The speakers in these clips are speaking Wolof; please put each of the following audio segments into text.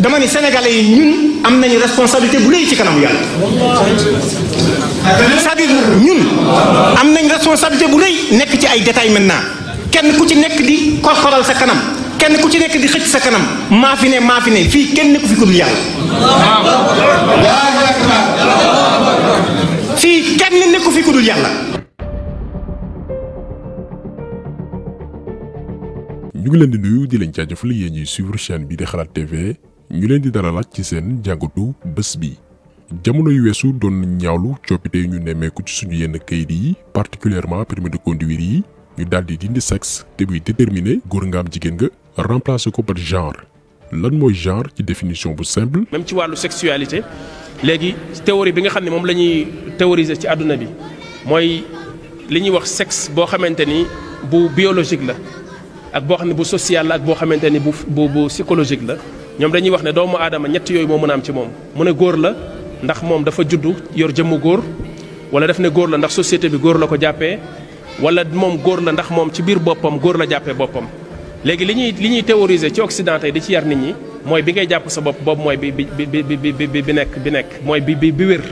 dama ni sénégalais yi ñun am nañu responsabilité bu rëy ci kanam yàlla c'est-à-dire ñun am nañ responsabilité bu rëy nekk ci ay détails maintenant kenn ku ci nekk di korkoral sa kanam kenn ku ci nekk di xëcc sa kanam maa fi ne maa fi ne fii kenn ku fi ko dul yàlla fii kenn nekku fi ku dul yàlla. ñu ngi leen di nuyu di leen jaajëfal yéen ñuy suivre chaîne bi di Xalaat TV. ñu leen di dalalaat ci seen jàngatu bés bi. jamono yu weesu doon nañ ñaawlu coppite yu ñu nemmeeku ci suñu yenn kayit yi particulièrement permis de conduire yi ñu daal di dindi sexe te buy déterminer góor nga am jigéen nga remplacer ko par genre lan mooy genre ci définition bu simple. même ci wàllu sexualité léegi théorie bi nga xam ne moom la ñuy théoriser ci àdduna bi mooy li ñuy wax sexe boo xamante ni bu biologique la ak boo xam ne bu social la ak boo xamante ni bu bu bu psychologique la. ñoom dañuy wax ne doomu aadama ñett yooyu moo mën a am ci moom mu ne góor la ndax moom dafa juddu yor jëmmu góor wala daf ne góor la ndax société bi góor la ko jàppee wala moom góor la ndax moom ci biir boppam góor la jàppee boppam. léegi li ñuy li ñuy théoriser ci Occident tey di ci yar nit ñi mooy bi ngay jàpp sa bopp boobu mooy bi bi bi bi bi bi nekk bi nekk mooy bi bi bi wér.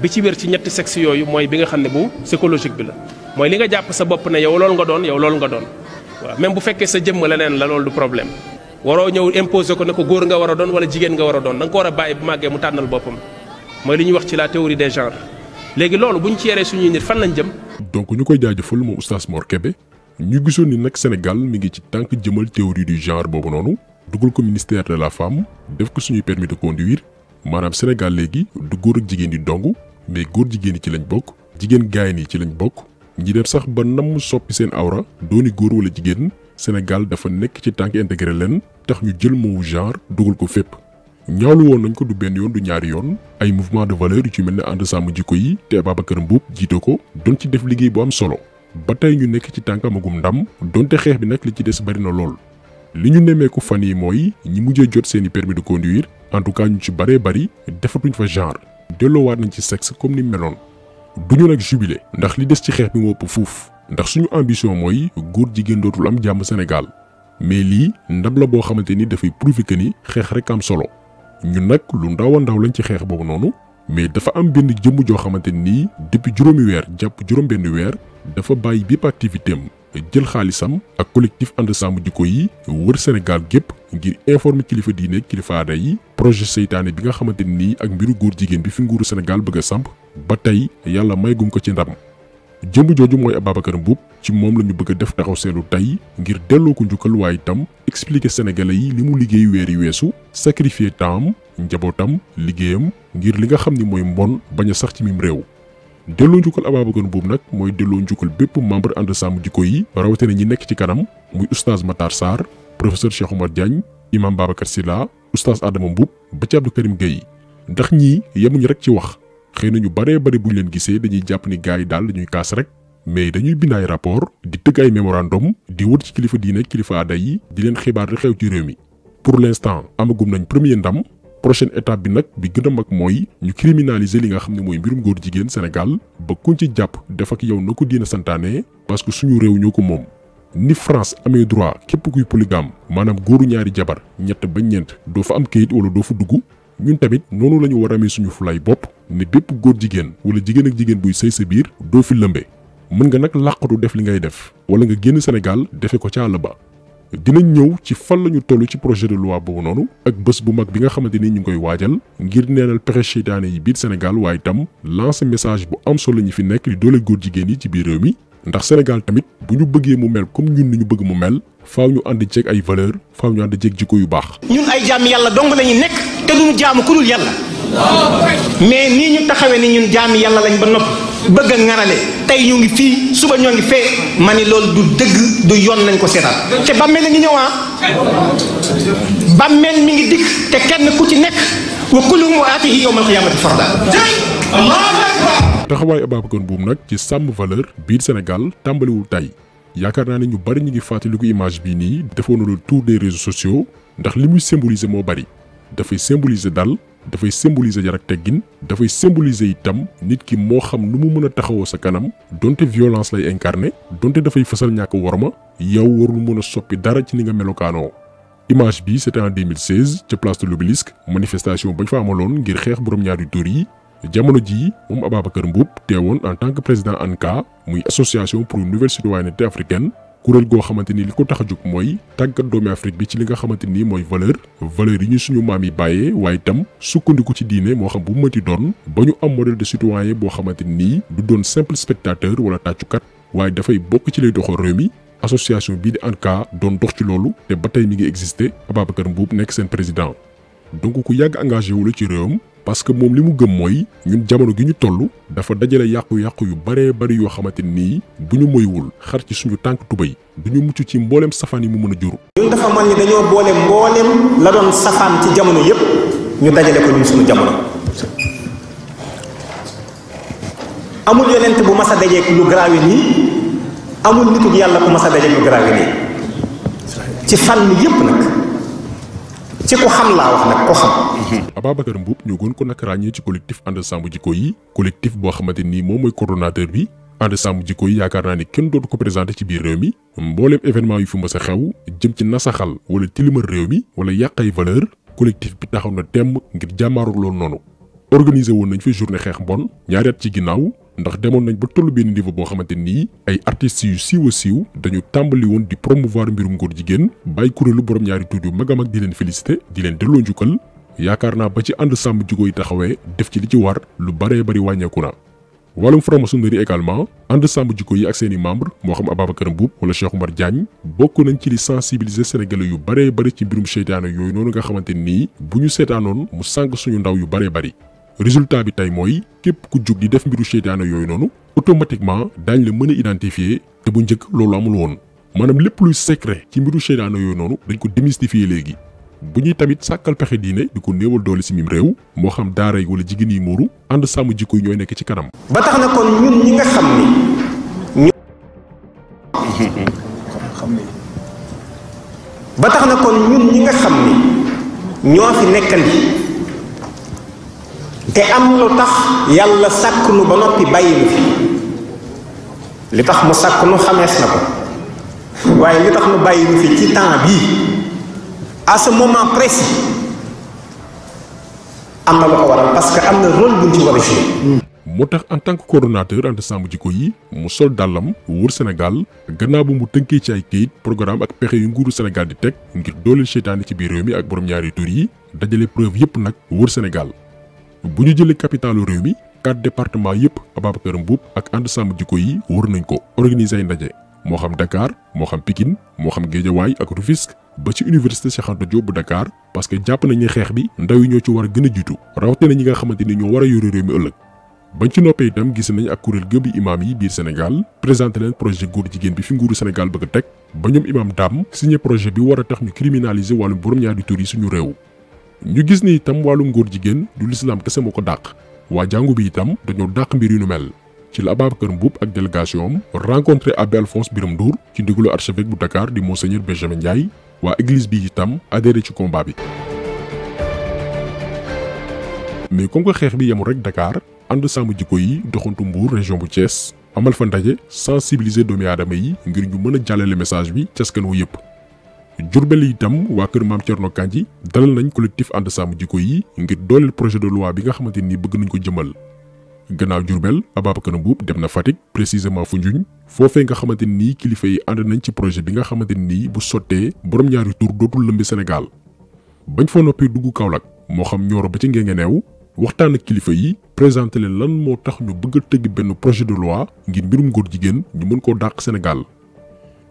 bi ci wér ci ñetti sexe yooyu mooy bi nga xam ne bu psychologique bi la mooy li nga jàpp sa bopp ne yow loolu nga doon yow loolu nga doon waaw bu fekkee sa jëmm leneen la loolu du problème. waroo ñëw imposé ko ne ko góor nga war a doon wala jigéen nga war a doon da ko war a bàyyi bu màggee mu tànnal boppam mooy li ñuy wax ci la théorie des genres léegi loolu bu ñu ci yaree suñuy nit fan lañ jëm. donc ñu koy jaajëfal moo oustaz Mor Kébé ñu gisoon ni nag Sénégal mu ngi ci tànk jëmal théorie du genre boobu noonu dugal ko ministère de la femme def ko suñuy permis de conduire maanaam Sénégal léegi du góor ak jigéen di dong mais góor jigéen yi ci lañ bokk jigéen gaay yi ci lañ bokk ñi dem sax ba namm soppi seen awra dooni góor wala jigéen Sénégal dafa nek ci tànk intégré leen tax ñu jël mo genre dugul ko fep ñaawlu woon nañ ko du ben yoon du ñaari yoon ay mouvement de valeur ci mel ne ànd sàmm jikko yi té babacar Mboup jiite ko doon ci def liggéey bu am solo ba tey ñu nek ci tànk amagum ndam donte xex bi nak li ci dess bari na lool li ñu nemmeeku fan yi moy ñi mujjé jot seeni permis de conduire en tout cas ñu ci baree bari defatuñ fa genre delloowaat nañ ci sexe comme ni meloon duñu nag jubilé ndax li dess ci xex bi moo fouf ndax suñu ambition moy goor jigen dootul am Meli, senegal mais li ndab la boo xamante prouver que ni xex rek am solo ñun nak lu ndaw ndaw lañ ci xex boobu nonu mais dafa am benn jëm jo xamanteni depuis juroomi weer japp juroom benn weer dafa bayyi bépp activité jël xaalisam ak collectif ànd sàmm jikko yi wër senegal gep ngir informer kilifa diine kilifa aada yi projet seytaane bi nga xamanteni ak mbiru goor jigen bi fi nguuru senegal bëgg samp ba tay yalla may gum ko ci ndam jëmb jooju mooy Ababacar Mboup ci moom la ñu bëgg def taxaw seetlu tey ngir delloo ko njukkal waaye itam expliquer sénégalais yi li mu liggéey weeri weesu sacrifier temps njabootam liggéeyam ngir li nga xam ni mooy mbon bañ a sax ci mim réew. delloo njukkal Ababacar Mboup nag mooy delloo njukkal bépp membre ànd sàmm jikko yi rawatina ñi nekk ci kanam muy oustaz Matar Sarr professeur Cheikh Oumar Diagne imam Babacar Sylla oustaz aadama Mboup ba ci Abdou Karim ndax ñii yemuñu rek ci wax. xëy na ñu bare bari bu ñu leen gisee dañuy jàpp ni gars yi daal dañuy kaas rek mais dañuy bind ay rapport di tëgg ay mémorandum di wër ci kilifa diine kilifa aada yi di leen xibaar di xew ci réew mi. pour l' instant amagum nañ premier ndam prochaine étape bi nag bi gën mag mooy ñu criminaliser li nga xam ne mooy mbirum góor jigéen senegal ba kuñ ci jàpp def ak yow na ko diine santaane parce que suñu réew ñoo ko moom. ni France amee droit képp kuy polygame maanaam góoru ñaari jabar ñett ba ñeent doo fa am kayit wala doo fa dugg ñun tamit noonu la ñu war a amee suñu fulay bopp ne bépp góor jigéen wala jigéen ak jigéen buy sëy sa biir doo fi lëmbe mën nga nag làqatu def li ngay def wala nga génn Sénégal defe ko ca àll ba dinañ ñëw ci fan la ñu toll ci projet de loi boobu noonu ak bés bu mag bi nga xamante ni ñu ngi koy waajal ngir neenal pexe seytaane yi biir Sénégal waaye tam lancer message bu am solo ñi fi nekk di doole góor jigéen yi ci biir réew mi ndax Sénégal tamit bu ñu bëggee mu mel comme ñun ni ñu bëgg mu mel faaw ñu ànd ceeg ay valeur faaw ñu ànd ceeg jikko yu baax. mais nii ñu taxawee ni ñun jaami yàlla lañ ba noppi bëgg a ŋarale tey ñu ngi fii suba ñoo ngi fee ma ni loolu du dëgg du yoon nañ ko seetaan te bàmmeel a ngi ñëw ah. bàmmeel mi ngi dikk te kenn ku ci nekk wa kulluhum aatihi yawmal qiyaamati farda taxawaay Ababacar Mbuum nag ci sàmm valeur biir Sénégal tàmbaliwul tey yaakaar naa ne ñu bari ñu ngi fàttaliku image bi nii defoon na le tour des réseaux sociaux ndax li muy symboliser moo bari dafay symboliser dal dafay symboliser yar ak teggin dafay symboliser itam nit ki moo xam nu mu mën a taxawoo sa kanam donte violence lay incarné donte dafay fësal ñàkk worma yow warul mën a soppi dara ci ni nga melokaanoo. image bi c'était en 2016 ca place de l'Obélisque manifestation bañ fa amaloon ngir xeex boroom ñaari tur yi jamono jii moom Ababacar Mboup teewoon en tant que président ANCAR muy association pour une nouvelle citoyenneté africaine. kuréel goo xamante ni li ko tax a jóg mooy tàggat doomi Afrique bi ci li nga xamante ni mooy valeur valeur yi ñu suñu maam yi bàyyee waaye itam sukkandiku ci diine moo xam bu mënti doon ba ñu am modèle de citoyen boo xamante ni du doon simple spectateur wala tàccukat waaye dafay bokk ci lay doxal réew mi association bii di ANCAR doon dox ci loolu te ba tey mi ngi existé Ababacar Mboup nekk seen président donc ku yàgg engagé wu la ci réewam parce que moom li mu gëm mooy ñun jamono gi ñu toll dafa dajale yàqu-yàqu yu baree bari yoo xamante nii bu ñu moywul xar ci suñu tànk tubéy du ñu mucc ci mbooleem safaan yi mu mën a jur. ñun dafa mel ni dañoo boole mbooleem la doon safaan ci jamono yëpp ñu dajale ko ñun suñu jamono. amul yonent bu mas a dajeek lu garaawe nii amul nitu yàlla ku mas dajeek lu garaawe nii ci fànn yëpp nag. ci ko xam laa wax nag ko xam. Ababacar Mboup ñu gën ko nag ràññee ci collectif ànd sàmm jikko yi collectif boo xamante ni moom moy coordonnateur bi ànd sàmm jikko yi yaakaar naa ne kenn dootu ko présenté ci biir réew mi mbooleem événement yu fi mës a xew jëm ci nasaxal wala tilimal réew mi wala yàq ay valeur collectif bi taxaw na temm ngir jàmmaaru loolu noonu. organisé woon nañ fi journée xeex mbon ñaari ci ginnaaw ndax demoon nañ ba tollu benn niveau boo xamante nii ay artistes yu siiw siiw dañu tàmbali woon di promouvoir mbirum góor jigéen bàyyi kuréelu borom ñaari tuut yu mag a mag di leen félicité di leen delloo njukkal yaakaar naa ba ci ànd sàmm jikko yi taxawee def ci li ci war lu baree bari wàññeeku na. wàllum franc-maçonnerie également ànd sàmm jikko yi ak seeni membre moo xam Ababacar Mboup wala Cheikh Oumar Diagne bokk nañ ci li sensibiliser sénégalais yu baree bari ci mbirum seytaane yooyu noonu nga xamante nii bu ñu seetaanoon mu sànq suñu ndaw yu baree bari résultat bi tey mooy képp ku jóg di def mbiru seytaane yooyu noonu automatiquement daañ la mën a identifier te bu njëkk loolu amul woon maanaam lépp luy secret ci mbiru seytaane yooyu noonu dañ ko démystifier léegi bu ñuy tamit sàkkal pexe diine di ko néewal doole si réew moo xam daara yi wala jigéen yi muuru ànd sàmm jikko yi ñooy nekk ci kanam. ba tax na kon ñun ñi nga xam ni. ñoo fi nekkal te am lu tax yàlla sàkk nu ba noppi bàyyi nu fi li tax mu sàkk nu xamees na ko waaye li tax nu bàyyi nu fi ci temps bii à moment précis am na lu ko waral parce am na rôle buñ ci war a moo tax en tant que sàmm jikko yi mu sol dàllam wër Sénégal gannaaw bu mu tënkee ci ay kayit programme ak pexe yu nguuru Sénégal di teg ngir dooleel seytaane ci biir réew mi ak borom ñaari tur yi dajale preuve yépp nag wër Sénégal bu ñu jëlee capitalu réew mi quatre départements yëpp Ababacar Mboup ak ànd sàmm jikko yi wër nañ ko organiser ay ndaje moo xam Dakar moo xam Pikine moo xam Géejawaay ak Rufisque ba ci université Cheikh Anta Diop bu Dakar que jàpp nañ ne xeex bi ndaw yi ñoo ci war a gën a jiitu rawatina ñi nga xamante ni ñoo war a yore réew mi ëllëg. bañ ci noppee itam gis nañ ak kuréel gëbi imaam yi biir Sénégal présenté leen projet góor jigéen bi fi nguuru Sénégal bëgg teg ba ñoom imaam Dame signé projet bi war a tax ñu criminaliser wàllum borom ñaari tur suñu réew. ñu gis ni tam wàllu ngor jigen du wajangu kesse moko dak wa waa bi tam dañu dak mbir yu mel ci la keur mbub ak delegation rencontré abbé Alphonse birum dour ci archevêque bu Dakar di monseigneur Benjamin yai, wa église bi tam adhéré ci combat bi mais comme ko xex bi yamu rek Dakar ànd sàmm jiko yi doxantu mbour région bu Thiès amal fa ndaje sensibiliser domi aadama yi ngir ñu mëna jallale message bi ci askan wu yépp Diourbel itam wa keur maam tierno kanji dalal nañ collectif ànd sam jikko yi ngir dolel projet de loi bi nga xamanteni bëgg nañ ko jëmal gannaaw Diourbel Ababacar Mboup dem na fatik précisément Foundiougne fofé nga xamanteni kilifa yi ànd nañ ci projet bi nga xamanteni bu soté borom ñaari tur dotul lembi Sénégal bañ fo nopi duggu kaolak mo xam ñoro ba ci Ngengeneew waxtaan ak kilifa yi présenter lan mo tax ñu bëgg tegg ben projet de loi ngir mbirum goor jigen ñu mën ko dàq Sénégal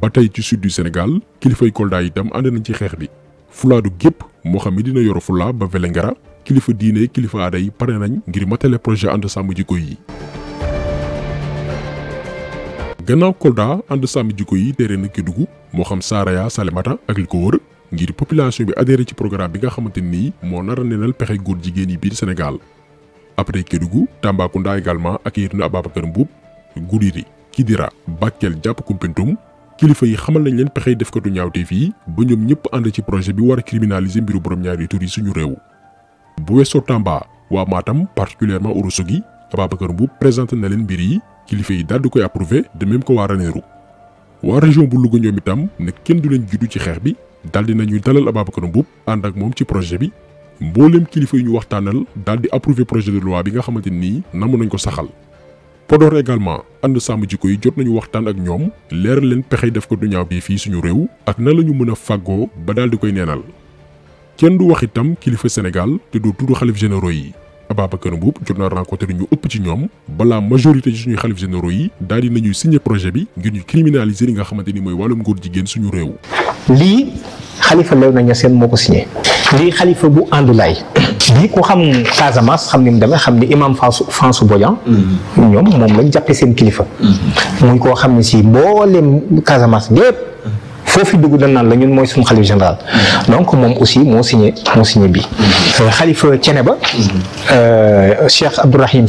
ba du sud du Sénégal kilifay Kolda itam ànd nañ ci xeex bi fulaadu gépp moo xam ne dina yor fulaa ba Vélingara kilifa diine kilifa aada yi nañ projet ànd sàmm yi. Kolda ànd sàmm jikko yi tere na moham Saraya Salemata, ak ngir population bi adhéré ci programme bi nga xamante ni moo nar a nenal pexe jigéen yi biir Sénégal. après Kédougou Tambacounda également accueillir na Ababacar Mboup Goudiri Kidira Bakel jàpp kilifa yi xamal nañ leen pexey def ko du ñaawteef yi ba ñoom ñëpp ànd ci projet bi war a criminaliser mbiru borom ñaari tur yi suñu réew. bu weesoo Tamba waa Matam particulièrement Ourossogui Ababacar Mboup présenté na leen mbir yi kilifa yi daal di koy approuvé de même que waa Ranérou. waa région bu Louga ñoom itam ne kenn du leen juddu ci xeex bi daal di nañuy dalal Ababacar Mboup ànd ak moom ci projet bi mbooleem kilifa yi ñu waxtaanal daal di approuvé projet de loi bi nga xamante ni namu nañ ko saxal. podor également and sam jikko yi jot nañu waxtan ak ñom leer leen pexe def ko duñaw bi fi suñu rew ak na lañu mëna fago ba dal di koy nénal kenn du wax itam kilifa sénégal te du tuddu xalif généraux yi ababacar mbuub jot na rencontré ñu upp ci ñoom bala majorité ci suñu xalif généraux yi dal di nañu signé projet bi ngir ñu criminaliser li nga xamanteni moy walum goor jigen suñu rew li khalifa lew na ña moko signé lii xalifa bu àndulaay bii ko xam Casamance xam ni mu demee xam ni imam Fansu Fansu Bodian mm-hmm. ñoom moom lañ jàppe seen kilifa mm-hmm. muy koo xam ne si mboolem Casamance gépp foofu dugg dañ naan la ñun mooy suñu xalif général mm-hmm. donc moom aussi moo signé moo signé bi euh, xalifa cene ba euh, Cheikh Abdourahim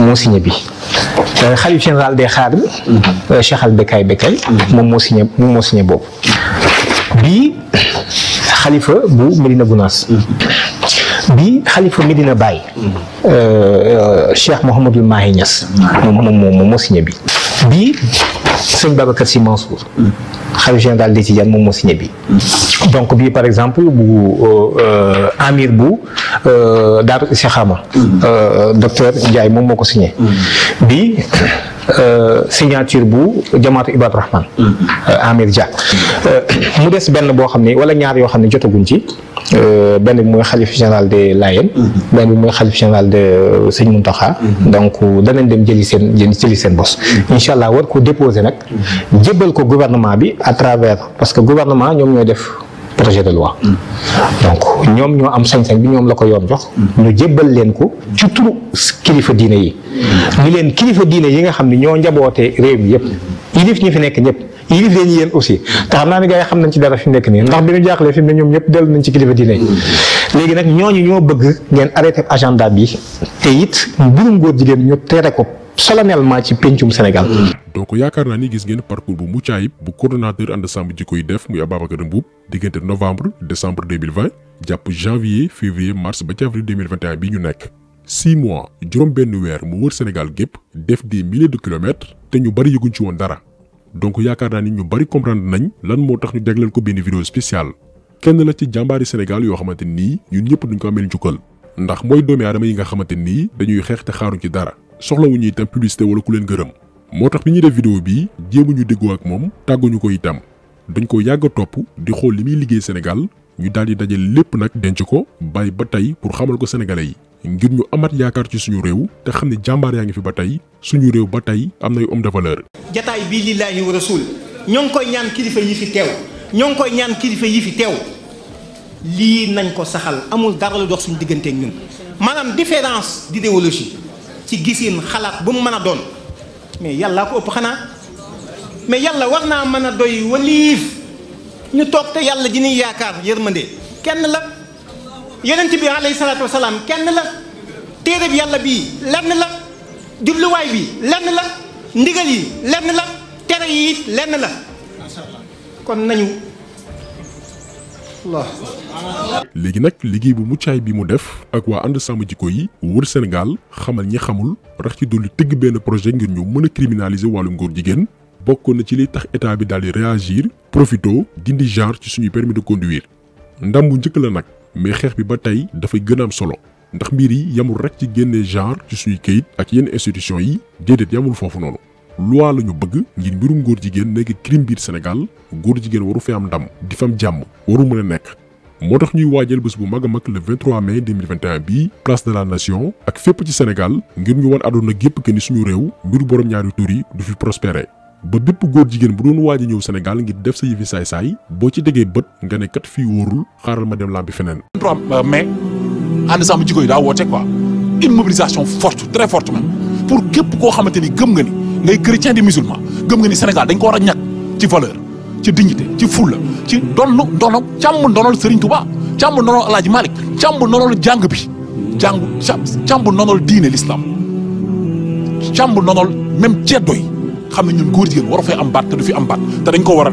moo signé bi euh, xalif général des xaar bi Cheikh al Bekay moom moo signé moom moo signé boobu xalifa bu Medina Gounass bi xalifa Medina Baye mm-hmm. euh, Cheikh Mouhamadul Mahi moom moo signé bi bi sëñ Babacar Sy Mansour mm-hmm. xalifa général des Tidianes moom moo signé bi mm-hmm. donc bii par exemple bu euh, amir bu euh, Daaru Istikhama docteur Ndiaye moom moo ko signé bi Euh, signature bu jamaatu Ibadu Rahman. Mm-hmm. Euh, Amir Dia. Euh, mu des benn boo xam ne wala ñaar yoo xam ne jotaguñ ci mm-hmm. benn bi mooy xalif général de Layen. benn bi mooy xalif général de sëñ Muntaxa. Mm-hmm. donc danañ dem jëli seen jëli seen bos. incha allah war ko déposer nag. jëbal ko gouvernement bi à travers parce que gouvernement ñoom ñooy def. projet de loi donc ñoom ñoo am sañ-sañ bi ñoom la ko yoon jox ñu jébbal leen ko ci turu kilifa diine yi ni leen kilifa diine yi nga xam ne ñoo njabootee réew mi yëpp yilif ñi fi nekk ñëpp yilif leen yéen aussi te xam naa ne gars yi xam nañ ci dara fi nekk nii ndax bi ñu jaaxlee fi ne ñoom ñëpp dellu nañ ci kilifa diine yi léegi nag ñooñu ñoo bëgg ngeen arrêté agenda bi te it mbirum góor jigéen ñu tere ko solennellement ci pencum Sénégal. donc yaakaar naa ni gis ngeen parcours bu mucc ayib bu coordonnateur ànd sàmm jikko yi def muy Ababacar Mboup diggante novembre décembre 2020 jàpp janvier février mars ba ci avril 2021 bi ñu nekk. six mois juróom benn weer mu wër Sénégal gépp def des milliers de kilomètres te ñu bari yëguñ ci woon dara donc yaakaar naa ni ñu bari comprendre nañ lan moo tax ñu jagleel ko benn vidéo spéciale kenn la ci jàmbaari Sénégal yoo xamante nii ñun ñëpp duñ ko amee njukkal ndax mooy doomi aadama yi nga xamante nii dañuy xeex te xaaruñ ci dara soxlawuñu itam publicité wala ku leen gërëm moo tax bi ñuy def vidéo bi jéemuñu déggoo ak moom tàgguñu ko itam dañ ko yàgg topp di xool li muy liggéey Sénégal ñu daal di dajale lépp nag denc ko bàyyi ba tey pour xamal ko sénégalais yi ngir ñu amat yaakaar ci suñu réew te xam ne jàmbaar yaa ngi fi ba tey suñu réew ba tey am nay homme de valeur. ñoo ngi koy ñaan kilifa yi fi teew lii nañ ko saxal amul dara lu dox suñu digganteeg ñun maanaam différence d'idéologie ci gisin xalaat bu mu mën a doon mais yàlla ko ëpp xanaa mais yàlla war naa mën a doy waliif ñu toog te yàlla ji ñuy yaakaar yërmande kenn la yonent bi alayhi salaatu wasalaam kenn la téere bi yàlla bii lenn la jubluwaay bi lenn la ndigal yi lenn la tere yi lenn la kon nañu waaw. léegi nag liggéey bu muccaay bi mu def ak waa ànd sàmm jikko yi wër Sénégal xamal ñi xamul rax ci dolli tëgg benn projet ngir ñu mën a criminaliser wàllum góor jigéen bokk na ci li tax état bi daal di réagir profito dindi genre ci suñu permis de conduire ndam bu njëkk la nag mais xeex bi ba tey dafay gën am solo ndax mbir yi yamul rek ci génne genre ci suñu kayit ak yenn institution yi déedéet yamul foofu noonu. loi la ñu bëgg ngir mbirum góor jigéen nekk crime biir Sénégal góor jigéen waru fi am ndam di fam jàmm waru mën a nekk moo tax ñuy waajal bés bu mag a mag le 23 mai 2021 bii place de la nation ak fépp ci Sénégal ngir ñu wan àdduna gépp que suñu réew mbiru borom ñaari tur yi du fi prospéré ba bépp góor jigéen bu doon waaj a ñëw Sénégal ngir def sa yëfi saay-saay boo ci déggee bët nga ne kat fii wóorul xaaral ma dem làmbi feneen. 23 euh, mai ànd sàmm jikko yi daa woote quoi une mobilisation forte très forte même pour képp koo xamante ni gëm nga ngay chrétien di musulman gëm nga ni Sénégal dañ ko war a ci valeur ci dignité ci fulla ci donnu ndono càmm ndonol Serigne Touba càmm ndonol El Hadj Malick càmm ndonol jàng bi jàng càmm ndonol diine l'islam càmm ndonol même ceddo yi xam ne ñun góor jigéen war a fay am baat te du fi am baat te dañ ko war a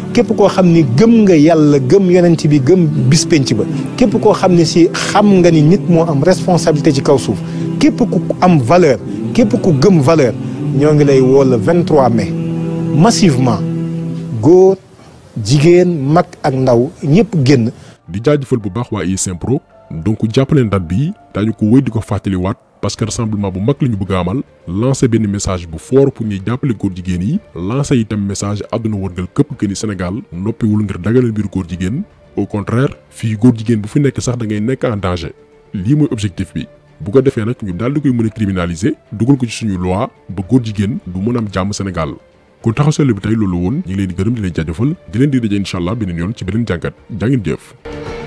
képp koo xam ni gëm nga yàlla gëm yonent bi gëm bis penc ba képp koo xam ne si xam nga ni nit moo am responsabilité ci kaw suuf képp ku am valeur képp ku gëm valeur ñoo ngi lay woo le 23 mai massivement góor jigéen mag ak ndaw ñëpp génn. di jaajëfal bu baax waa ISM Pro donc jàppaleen date bi daañu ko wéy di ko fàttaliwaat. parce que rassemblement bu mag la ñu bëgg amal lancer benn message bu fort pour ñuy jàppale góor jigen yi lancer itam message àdduna wërngal kep que ni Sénégal wul ngir dagalal biir góor jigen au contraire fi góor jigen bu fi nekk sax da ngay nekk en danger li moy objectif bi bu ko défé nak ñu dal di koy mën criminaliser dugal ko ci suñu loi ba góor jigen du mëna am jamm Sénégal kon taxawsel bi tay lolu woon ñi ngi leen di gërëm di leen jaajëfal di leen di daje incha allah beneen yoon ci beneen jangat jaa ngeen jëf